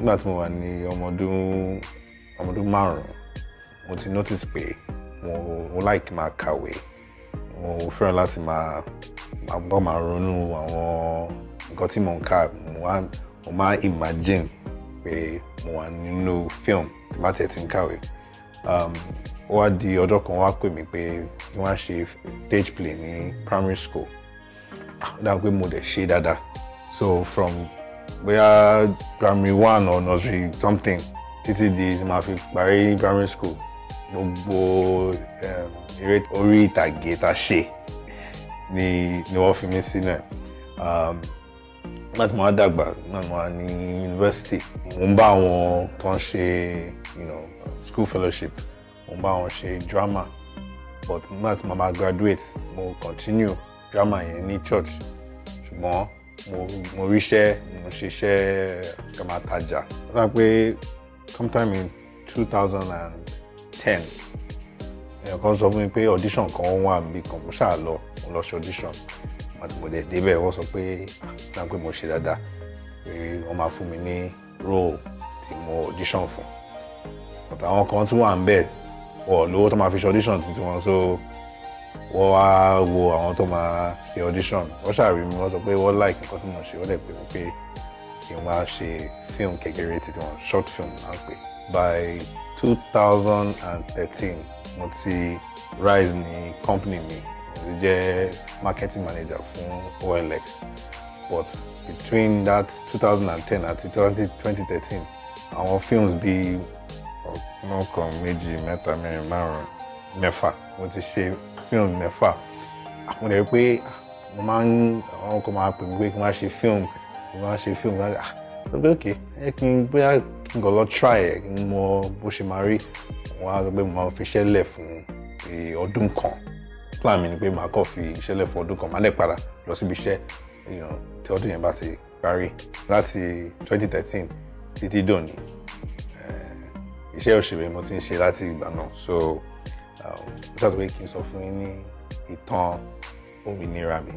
nígbà tí mo wà ní ọmọdún ọmọdún márùn-ún mo ti notice pé mo mo like máa kàwé mo fẹ́ràn láti máa máa gbọ́ máa ronú àwọn nǹkan tí mo ń kà mo máa imagine pé mo wà nínú film tí bá tẹ̀ ti ń kàwé um, ó wá di ọjọ́ kan wá pè mí pé kí wọ́n á ṣe stage play ní primary school ah, ó dáa pé mo dẹ̀ ṣe dáadáa so from We are primary one or nursery something títí di tí màá fi parí primary school gbogbo um, eré orí ìtàgé tá a ṣe ni ni wọ́n fi mí sílẹ̀ láti um, máa dàgbà náà máa ní yunifásitì mo ń bá àwọn tó ń ṣe school fellowship mo ń bá wọn ṣe drama but nígbà tí màá máa graduate mo continue drama yẹn ní church ṣùgbọ́n mo ríṣẹ́ mo ṣiṣẹ́ kàmátajà ó dà pé sometime in two thousand and ten èèyàn kan sọ pé audition kan wà níbi kan mo ṣáà lọ mo lọ ṣe audition mo dẹ̀ débẹ̀ wọ́n sọ pé náà ah, pé mo ṣe dáadáa pé wọ́n máa fún mi ní role tí mo audition fún but àwọn kan tún wà ń bẹ̀ wọ̀ lówó tó máa fi ṣe audition tuntun wọn so wọ́n wá wo àwọn tó máa ṣe audition wọ́n ṣàrí mi wọ́n sọ pé wọ́n like nǹkan tí mo ṣe wọ́n dẹ̀ pè mí pé kí n wá ṣe fíìmù kékeré títí wọn short film náà pè by two thousand and thirteen mo ti rise ní company mi mo ti jẹ́ marketing manager fún OLX but between that two thousand and ten àti twenty thirteen àwọn films bíi ọ̀kan méjì mẹ́ta mẹ́rin márùn-ún mẹ́fà mo ti ṣe fíìmù mẹ́fà mo dẹ̀ pé ah, mo máa ń àwọn kan máa pè mí pé kí n wá ṣe fíìmù kí n wá ṣe fíìmù láti à ló pé òkè ẹ kí n bóyá kí n kàn lọ try ẹ kí n mọ bó ṣe máa rí wọn á sọ pé mo máa fi iṣẹ́ lẹ̀ fún ọdún kan plan mi ni pé màá kàn fi iṣẹ́ lẹ̀ fún ọdún kan màá lẹ̀ padà lọ síbi iṣẹ́ tí ọdún yẹn bá ti parí láti 2013 títí dòní eh, iṣẹ́ òṣèré mo ti ń ṣe láti ìgbà náà so ó ṣàtúwé kí n sọ fún yín ní ìtàn òmìnira mi.